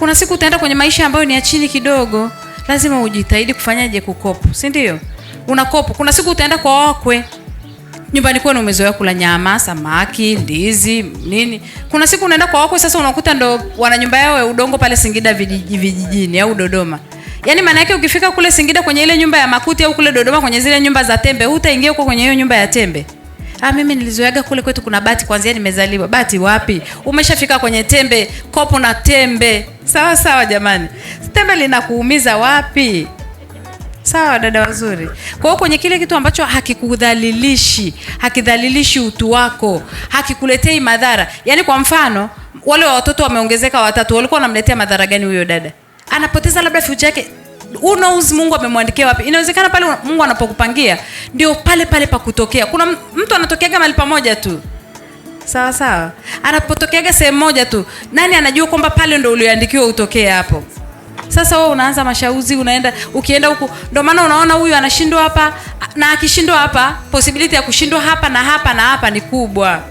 Kuna siku utaenda kwenye maisha ambayo ni ya chini kidogo, lazima ujitahidi kufanyaje Kukopo, si ndio? Unakopo. Kuna siku utaenda kwa wakwe, nyumbani kwenu umezoea kula nyama, samaki, ndizi, nini. Kuna siku unaenda kwa wakwe, sasa unakuta ndo wana nyumba yao ya udongo pale Singida vijijini, vijijini au Dodoma. Yaani maana yake ukifika kule Singida kwenye ile nyumba ya makuti au kule Dodoma kwenye zile nyumba za tembe, hutaingia huko kwenye hiyo nyumba ya tembe. Ah, mimi nilizoeaga kule kwetu kuna bati kwanzia nimezaliwa. Bati wapi? Umeshafika kwenye tembe, kopo na tembe. Sawa sawa jamani. Tembe linakuumiza wapi? Sawa dada wazuri. Kwa hiyo kwenye kile kitu ambacho hakikudhalilishi, hakidhalilishi utu wako, hakikuletei madhara. Yaani kwa mfano, wale watoto wameongezeka watatu, walikuwa wanamletea madhara gani huyo dada? Anapoteza labda future yake who knows Mungu amemwandikia wapi. Inawezekana pale Mungu anapokupangia ndio pale pale pa kutokea. Kuna mtu anatokeaga mahali pamoja tu, sawa sawa, anapotokeaga sehemu moja tu, nani anajua kwamba pale ndio ulioandikiwa utokee hapo? Sasa wewe unaanza mashauzi, unaenda ukienda huku, ndio maana unaona huyu anashindwa hapa na akishindwa hapa, possibility ya kushindwa hapa na hapa na hapa ni kubwa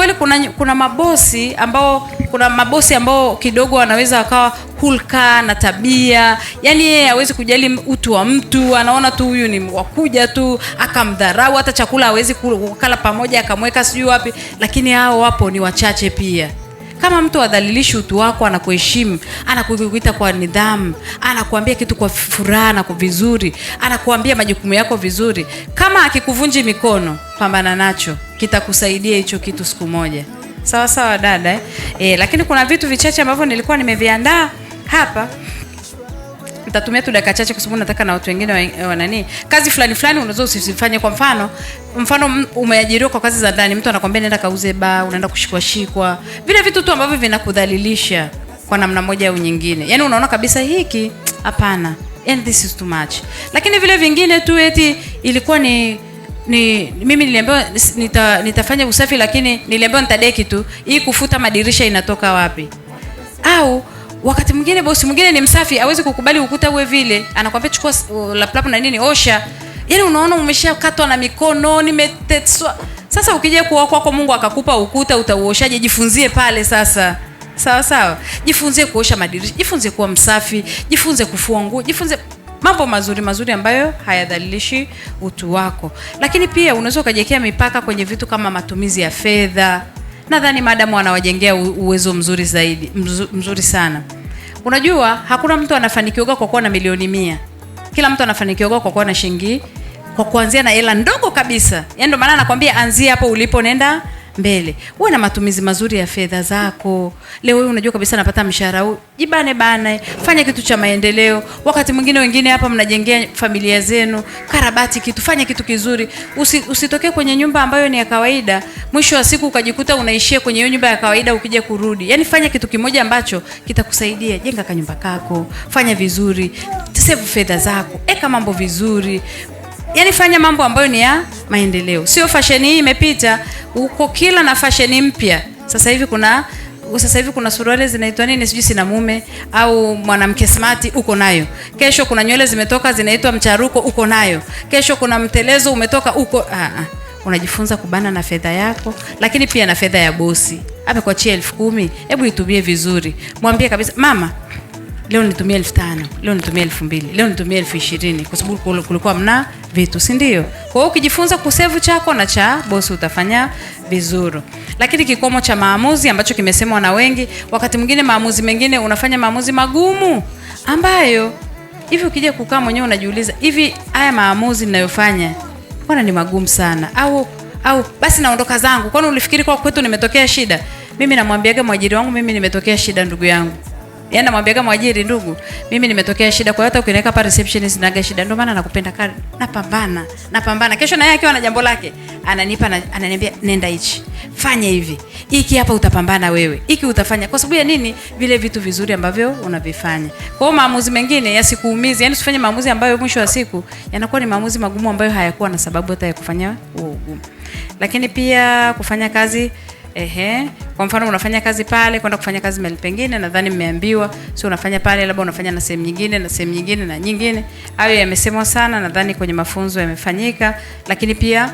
kweli kuna, kuna mabosi ambao kuna mabosi ambao kidogo wanaweza wakawa hulka na tabia, yani yeye hawezi kujali utu wa mtu, anaona tu huyu ni wakuja tu akamdharau, hata chakula hawezi kula pamoja, akamweka sijui wapi. Lakini hao wapo ni wachache pia. Kama mtu adhalilishi utu wako, anakuheshimu, anakuita kwa nidhamu, anakuambia kitu kwa furaha na kwa vizuri, anakuambia majukumu yako vizuri, kama akikuvunji mikono, pambana nacho, kitakusaidia hicho kitu siku moja. Sawa sawa dada eh? E, lakini kuna vitu vichache ambavyo nilikuwa nimeviandaa hapa nitatumia tu dakika chache, kwa sababu nataka na watu wengine wa nani, kazi fulani fulani unazo usifanye. Kwa mfano, mfano umeajiriwa kwa kazi za ndani, mtu anakwambia nenda kauze ba, unaenda kushikwa shikwa, vile vitu tu ambavyo vinakudhalilisha kwa namna moja au nyingine, yaani unaona kabisa hiki hapana, and this is too much. Lakini vile vingine tu eti ilikuwa ni ni mimi niliambiwa nita, nitafanya usafi lakini niliambiwa nitadeki tu. Hii kufuta madirisha inatoka wapi? Au Wakati mwingine bosi mwingine ni msafi, awezi kukubali ukuta uwe vile, anakwambia chukua uh, laplap na nini, osha. Yaani unaona umeshakatwa na mikono, nimeteswa. Sasa ukija kuwa kwako Mungu akakupa ukuta utauoshaje? Jifunzie pale sasa. Sawa sawa. jifunzie kuosha madirisha, jifunze kuwa msafi, jifunze kufua nguo, jifunze mambo mazuri mazuri ambayo hayadhalilishi utu wako. Lakini pia unaweza ukajiwekea mipaka kwenye vitu kama matumizi ya fedha nadhani madamu anawajengea uwezo mzuri zaidi mzuri sana. Unajua hakuna mtu anafanikiwa kwa kuwa na milioni mia, kila mtu anafanikiwa kwa kuwa na shilingi, kwa kuanzia na hela ndogo kabisa. Yaani ndio maana anakwambia anzia hapo ulipo, nenda mbele. Uwe na matumizi mazuri ya fedha zako. Leo wewe unajua kabisa napata mshahara huu, jibane bana, fanya kitu cha maendeleo. Wakati mwingine wengine hapa mnajengea familia zenu, karabati kitu, fanya kitu kizuri. Usi, usitokee kwenye nyumba ambayo ni ya kawaida, mwisho wa siku ukajikuta unaishia kwenye nyumba ya kawaida ukija kurudi. Yani fanya kitu kimoja ambacho kitakusaidia. Jenga kanyumba kako, fanya vizuri, save fedha zako, eka mambo vizuri yani fanya mambo ambayo ni ya maendeleo, sio fashion hii imepita huko, kila na fashion mpya. Sasa hivi kuna sasa hivi kuna suruali zinaitwa nini, sijui sina mume au mwanamke smart, uko nayo kesho. Kuna nywele zimetoka zinaitwa mcharuko, uko nayo kesho. Kuna mtelezo umetoka, uko ah, unajifunza kubana na fedha yako, lakini pia na fedha ya bosi. Amekuachia elfu kumi, hebu itumie vizuri, mwambie kabisa mama leo nitumie elfu tano leo nitumie elfu mbili leo nitumie elfu ishirini kwa sababu kulikuwa mna vitu, si ndio? Kwa hiyo ukijifunza kusevu chako na cha bosi utafanya vizuri. Lakini kikomo cha maamuzi ambacho kimesemwa na wengi, wakati mwingine maamuzi mengine unafanya maamuzi magumu ambayo hivi ukija kukaa mwenyewe unajiuliza, hivi haya maamuzi ninayofanya mbona ni magumu sana? Au au basi naondoka zangu. Kwani ulifikiri kwa kwetu nimetokea shida? Mimi namwambiaga mwajiri wangu, mimi nimetokea shida ndugu yangu Yaani namwambia kama mwajiri, ndugu, mimi nimetokea shida, kwa hiyo hata ukiniweka hapa reception sinaga shida. Ndio maana nakupenda kali. Napambana, napambana. Kesho na yeye akiwa na jambo lake, ananipa ananiambia nenda hichi. Fanya hivi. Hiki hapa utapambana wewe. Hiki utafanya kwa sababu ya nini? Vile vitu vizuri ambavyo unavifanya. Kwa hiyo maamuzi mengine yasikuumize. yani usifanye maamuzi ambayo mwisho wa siku yanakuwa ni maamuzi magumu ambayo hayakuwa na sababu hata ya kufanya huo ugumu. Lakini pia kufanya kazi Ehe, kwa mfano unafanya kazi pale, kwenda kufanya kazi mahali pengine, nadhani mmeambiwa, sio unafanya pale, labda unafanya na sehemu nyingine na sehemu nyingine na nyingine. Hayo yamesemwa sana, nadhani kwenye mafunzo yamefanyika, lakini pia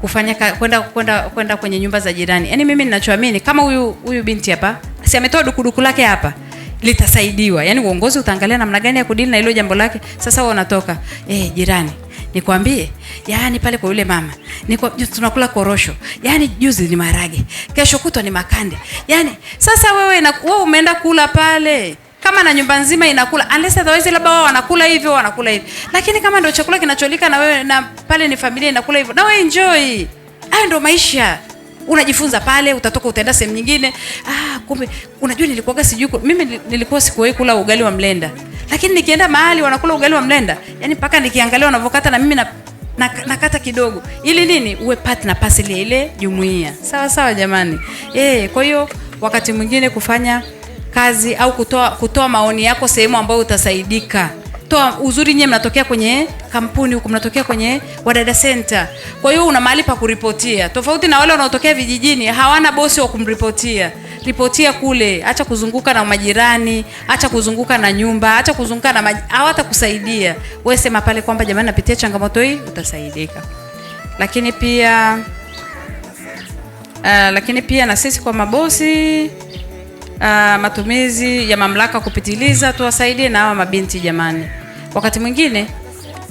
kufanya kwenda kwenda kwenda kwenye nyumba za jirani. Yaani mimi ninachoamini kama huyu huyu binti hapa, si ametoa dukuduku lake hapa litasaidiwa. Yaani uongozi utaangalia namna gani ya kudili na hilo jambo lake. Sasa wanatoka eh, jirani Nikwambie, yani pale kwa yule mama nikwa, tunakula korosho, yani juzi ni marage, kesho kutwa ni makande. yani sasa wewe na, wewe umeenda kula pale kama na nyumba nzima inakula unless otherwise labda wao wanakula hivyo wanakula hivi, lakini kama ndio chakula kinacholika na wewe na pale ni familia inakula hivyo, na wewe enjoy. Hayo ndio maisha unajifunza pale, utatoka utaenda sehemu nyingine. Ah, kumbe unajua nilikuwa sijui mimi nilikuwa sikuwahi kula ugali wa mlenda, lakini nikienda mahali wanakula ugali wa mlenda, yani mpaka nikiangalia wanavyokata na mimi na nakata kidogo ili nini, uwe part na parcel ya ile jumuiya. Sawa sawa, jamani e. Kwa hiyo wakati mwingine kufanya kazi au kutoa kutoa maoni yako sehemu ambayo utasaidika toa uzuri. nyewe mnatokea kwenye kampuni huko, mnatokea kwenye Wadada Center, kwa hiyo una mahali pa kuripotia, tofauti na wale wanaotokea vijijini, hawana bosi wa kumripotia. Ripotia kule, acha kuzunguka na majirani, acha kuzunguka na nyumba, acha kuzunguka na maj... kusaidia. wewe, sema pale kwamba jamani, napitia changamoto hii, utasaidika. Lakini pia uh, lakini pia na sisi kwa mabosi Uh, matumizi ya mamlaka kupitiliza, tuwasaidie na hawa mabinti jamani wakati mwingine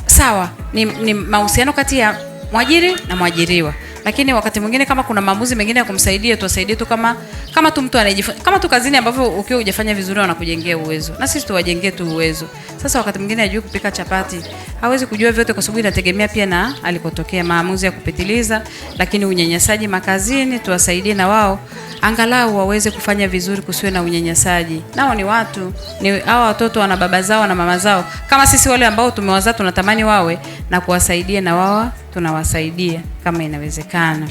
sawa ni, ni mahusiano kati ya mwajiri na mwajiriwa lakini wakati mwingine kama kuna maamuzi mengine ya kumsaidia tuwasaidie tu kama kama tu mtu anayejifunza kama tu kazini ambavyo ukiwa hujafanya vizuri wanakujengea uwezo na sisi tuwajengee tu uwezo. Sasa wakati mwingine ajui kupika chapati, hawezi kujua vyote kwa sababu inategemea pia na alikotokea, maamuzi ya kupitiliza, lakini unyanyasaji makazini tuwasaidie na wao angalau waweze kufanya vizuri, kusiwe na unyanyasaji. Nao ni watu, ni hawa watoto wana baba zao na mama zao, kama sisi wale ambao tumewazaa tunatamani wawe na kuwasaidia na wao tunawasaidia kama inawezekana.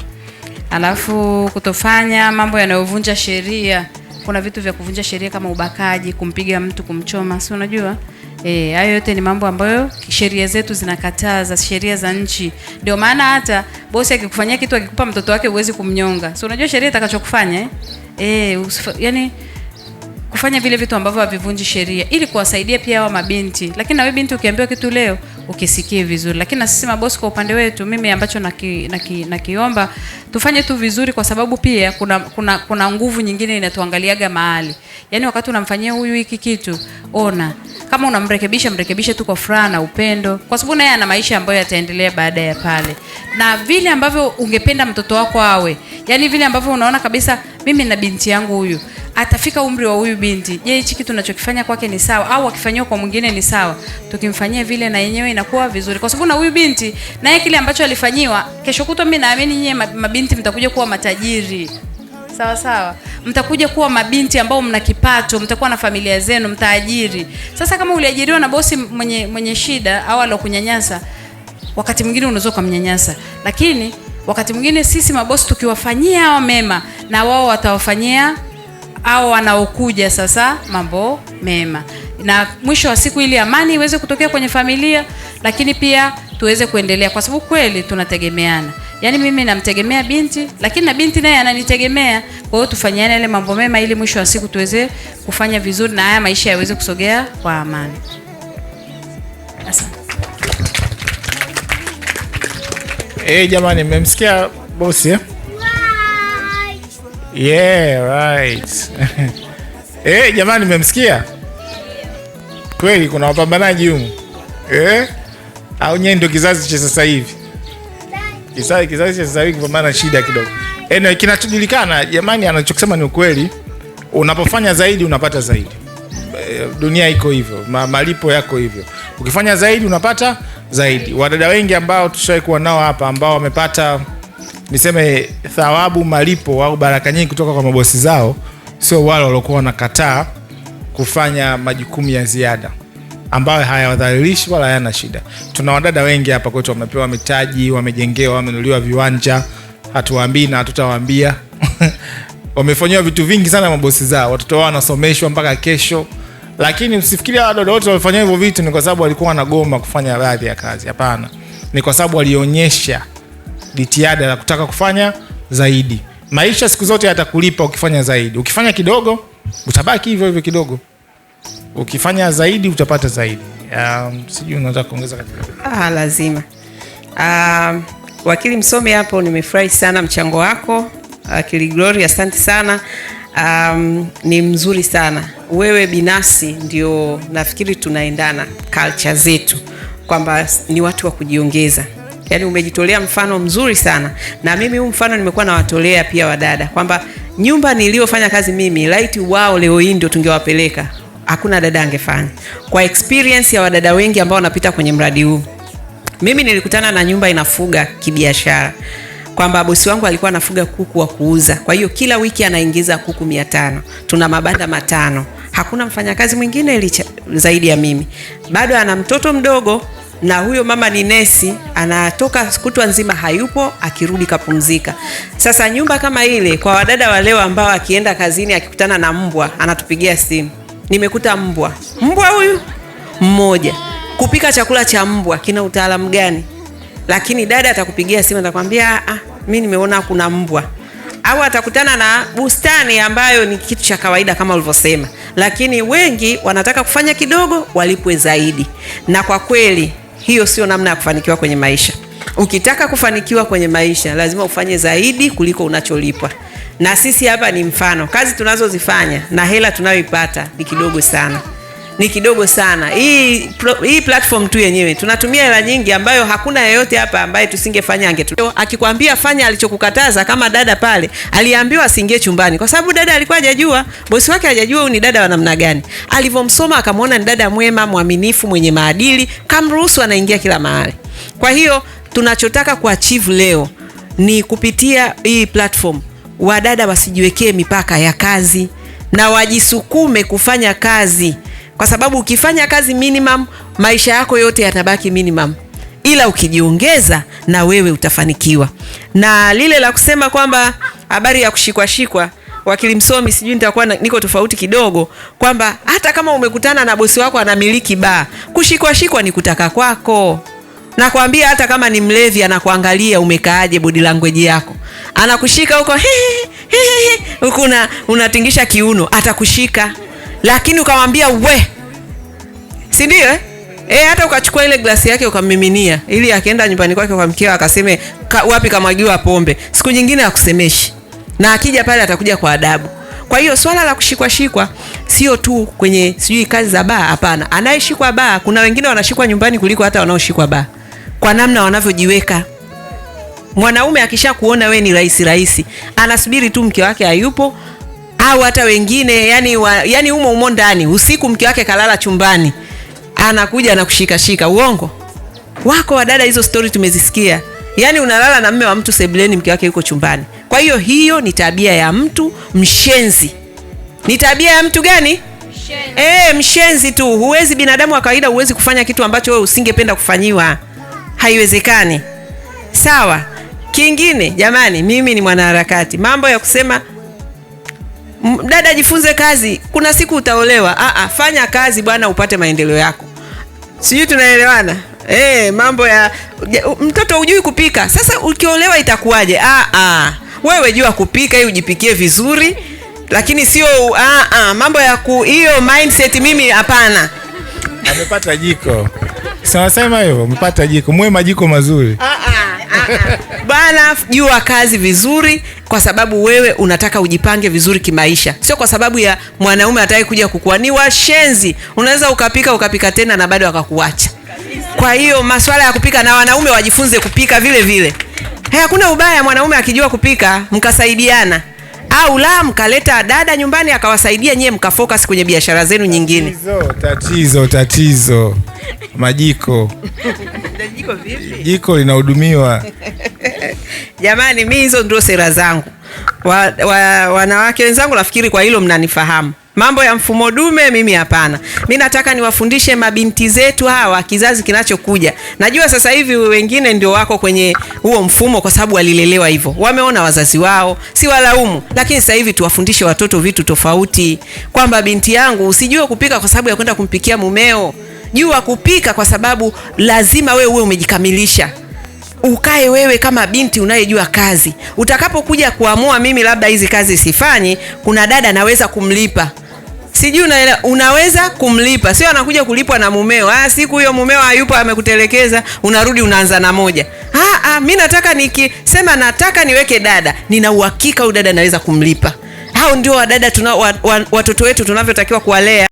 Alafu kutofanya mambo yanayovunja sheria, kuna vitu vya kuvunja sheria kama ubakaji, kumpiga mtu, kumchoma, si unajua E, hayo yote ni mambo ambayo sheria zetu zinakataza, sheria za nchi. Ndio maana hata bosi akikufanyia kitu, akikupa mtoto wake huwezi kumnyonga. si unajua sheria itakachokufanya eh? E, usifa, yani kufanya vile vitu ambavyo havivunji sheria ili kuwasaidia pia hawa mabinti. Lakini na wewe binti ukiambiwa kitu leo ukisikie vizuri. Lakini nasema bosi, kwa upande wetu, mimi ambacho nakiomba naki tufanye tu vizuri, kwa sababu pia kuna kuna, kuna nguvu nyingine inatuangaliaga mahali, yaani wakati unamfanyia huyu hiki kitu, ona kama unamrekebisha, mrekebishe tu kwa furaha na upendo, kwa sababu naye ana maisha ambayo yataendelea baada ya pale, na vile ambavyo ungependa mtoto wako awe, yaani vile ambavyo unaona kabisa, mimi na binti yangu huyu atafika umri wa huyu binti, je, hichi kitu tunachokifanya kwake ni sawa au akifanyiwa kwa mwingine ni sawa? Tukimfanyia vile na yenyewe inakuwa vizuri, kwa sababu na huyu binti naye kile ambacho alifanyiwa, kesho kutwa, mimi naamini nyinyi mabinti mtakuja kuwa matajiri sawa sawa, mtakuja kuwa mabinti ambao mna kipato, mtakuwa na familia zenu, mtaajiri. Sasa kama uliajiriwa na bosi mwenye mwenye shida au alokunyanyasa, wakati mwingine unaweza kumnyanyasa, lakini wakati mwingine sisi mabosi tukiwafanyia hawa mema, na wao watawafanyia au wanaokuja sasa mambo mema, na mwisho wa siku ili amani iweze kutokea kwenye familia, lakini pia tuweze kuendelea, kwa sababu kweli tunategemeana. Yaani mimi namtegemea binti, lakini na binti naye ananitegemea. Kwa hiyo tufanyane yale mambo mema, ili mwisho wa siku tuweze kufanya vizuri na haya maisha yaweze kusogea kwa amani. Asante. Eh, hey, jamani mmemsikia bosi eh? Yeah, right. Eh, jamani mmemsikia? Kweli kuna wapambanaji humu. Eh? Au nyenye ndio kizazi cha sasa hivi? Kizazi kizazi cha sasa hivi kupambana shida kidogo. Anyway, kinachojulikana jamani, anachokisema ni ukweli. Unapofanya zaidi unapata zaidi. Eh, dunia iko hivyo, malipo yako hivyo. Ukifanya zaidi unapata zaidi. Wadada wengi ambao tushawahi kuwa nao hapa ambao wamepata niseme thawabu, malipo au baraka nyingi kutoka kwa mabosi zao, sio wale waliokuwa wanakataa kufanya majukumu ya ziada ambayo hayawadhalilishi wala hayana shida. Tuna wadada wengi hapa kwetu wamepewa mitaji, wamejengewa, wamenuliwa viwanja, hatuwaambii na hatutawaambia wamefanyiwa vitu vingi sana mabosi zao, watoto wao wanasomeshwa mpaka kesho. Lakini msifikiria wadada wote walifanya hivyo vitu ni kwa sababu walikuwa wanagoma kufanya baadhi ya kazi. Hapana, ni kwa sababu walionyesha jitihada la kutaka kufanya zaidi. Maisha siku zote yatakulipa ukifanya zaidi. Ukifanya kidogo utabaki hivyo hivyo kidogo, ukifanya zaidi utapata zaidi. Um, sijui unaweza kuongeza katika. Ah, lazima um, wakili msomi hapo, nimefurahi sana mchango wako wakili Glory, asante sana. Um, ni mzuri sana wewe binafsi, ndio nafikiri tunaendana culture zetu kwamba ni watu wa kujiongeza. Yaani umejitolea mfano mzuri sana, na mimi huu mfano nimekuwa nawatolea pia wadada kwamba nyumba niliyofanya kazi mimi, laiti wao leo hii ndio tungewapeleka, hakuna dada angefanya. Kwa experience ya wadada wengi ambao wanapita kwenye mradi huu, mimi nilikutana na nyumba inafuga kibiashara kwamba bosi wangu alikuwa anafuga kuku wa kuuza. Kwa hiyo kila wiki anaingiza kuku mia tano. Tuna mabanda matano, hakuna mfanyakazi mwingine licha zaidi ya mimi, bado ana mtoto mdogo na huyo mama ni nesi, anatoka kutwa nzima hayupo, akirudi kapumzika. Sasa nyumba kama ile, kwa wadada wa leo ambao akienda kazini akikutana na mbwa anatupigia simu, nimekuta mbwa. Mbwa huyu mmoja, kupika chakula cha mbwa kina utaalamu gani? Lakini dada atakupigia simu, atakwambia ah, mimi nimeona kuna mbwa au atakutana na bustani ambayo ni kitu cha kawaida kama ulivyosema, lakini wengi wanataka kufanya kidogo walipwe zaidi. Na kwa kweli hiyo sio namna ya kufanikiwa kwenye maisha. Ukitaka kufanikiwa kwenye maisha, lazima ufanye zaidi kuliko unacholipwa. Na sisi hapa ni mfano, kazi tunazozifanya na hela tunayoipata ni kidogo sana ni kidogo sana. Hii pro, hii platform tu yenyewe tunatumia hela nyingi ambayo hakuna yeyote hapa ambaye tusingefanya ange Akikwambia fanya alichokukataza, kama dada pale aliambiwa asiingie chumbani, kwa sababu dada alikuwa hajajua, bosi wake hajajua huyu ni dada wa namna gani. Alivyomsoma akamwona ni dada mwema, mwaminifu, mwenye maadili, kamruhusu anaingia kila mahali. Kwa hiyo tunachotaka kuachieve leo ni kupitia hii platform wadada wasijiwekee mipaka ya kazi na wajisukume kufanya kazi kwa sababu ukifanya kazi minimum maisha yako yote yatabaki minimum, ila ukijiongeza na wewe utafanikiwa. Na lile la kusema kwamba habari ya kushikwashikwa wakili msomi, sijui nitakuwa niko tofauti kidogo, kwamba hata kama umekutana na bosi wako anamiliki baa, kushikwashikwa ni kutaka kwako. Nakwambia hata kama ni mlevi, anakuangalia umekaaje, body language yako, anakushika huko huku unatingisha kiuno, atakushika lakini ukamwambia we, si ndio eh? E, hata ukachukua ile glasi yake ukamiminia, ili akienda nyumbani kwake kwa mkeo akaseme ka, wapi kamwagiwa pombe, siku nyingine akusemeshi, na akija pale atakuja kwa adabu. Kwa hiyo swala la kushikwa shikwa sio tu kwenye sijui kazi za baa, hapana. Anayeshikwa baa, kuna wengine wanashikwa nyumbani kuliko hata wanaoshikwa baa, kwa namna wanavyojiweka. Mwanaume akisha kuona we ni rahisi rahisi, anasubiri tu mke wake hayupo au hata wengine yani wa, yani umo umo ndani usiku, mke wake kalala chumbani, anakuja anakushikashika. Uongo wako wadada, hizo stori tumezisikia. Yani unalala na mme wa mtu sebuleni, mke wake yuko chumbani. Kwa hiyo hiyo ni tabia ya mtu mshenzi. Ni tabia ya mtu gani? Mshenzi. E, mshenzi tu. Huwezi, binadamu wa kawaida huwezi kufanya kitu ambacho wewe usingependa kufanyiwa, haiwezekani. Sawa. Kingine jamani, mimi ni mwanaharakati, mambo ya kusema dada, jifunze kazi, kuna siku utaolewa. Aa, ah, ah, fanya kazi bwana, upate maendeleo yako. Sijui tunaelewana? E, mambo ya mtoto hujui kupika, sasa ukiolewa itakuwaje? Aa, ah, wewe jua kupika hii, ujipikie vizuri, lakini sio mambo ya ku hiyo mindset. Mimi hapana. Amepata jiko, sawasema hivyo, mpata jiko, mwe majiko mazuri. Aa bana, jua kazi vizuri, kwa sababu wewe unataka ujipange vizuri kimaisha, sio kwa sababu ya mwanaume atakaye kuja kukua. Ni washenzi, unaweza ukapika ukapika tena na bado akakuacha. Kwa hiyo masuala ya kupika, na wanaume wajifunze kupika vile vile. Hakuna ubaya mwanaume akijua kupika, mkasaidiana au la mkaleta dada nyumbani akawasaidia nyewe, mkafocus kwenye biashara zenu nyingine. Tatizo tatizo, tatizo majiko jiko vipi? Jiko linahudumiwa jamani. Mi hizo ndio sera zangu wa, wa, wanawake wenzangu, nafikiri kwa hilo mnanifahamu. Mambo ya mfumo dume mimi hapana. Mi nataka niwafundishe mabinti zetu hawa, kizazi kinachokuja. Najua sasa hivi wengine ndio wako kwenye huo mfumo, kwa sababu walilelewa hivyo, wameona wazazi wao, si walaumu. Lakini sasa hivi tuwafundishe watoto vitu tofauti, kwamba binti yangu usijue kupika kwa sababu ya kwenda kumpikia mumeo jua kupika, kwa sababu lazima wewe uwe umejikamilisha ukae wewe kama binti unayejua kazi. Utakapokuja kuamua mimi labda hizi kazi sifanyi, kuna dada naweza kumlipa sijui unaelewa, unaweza kumlipa, sio anakuja kulipwa na mumeo. Ah, siku hiyo mumeo hayupo, amekutelekeza, unarudi unaanza na moja. Ah, ah, mimi nataka nikisema, nataka niweke dada, nina uhakika huyu dada naweza kumlipa. Hao ndio wadada tuna, wa, wa, watoto wetu tunavyotakiwa kuwalea.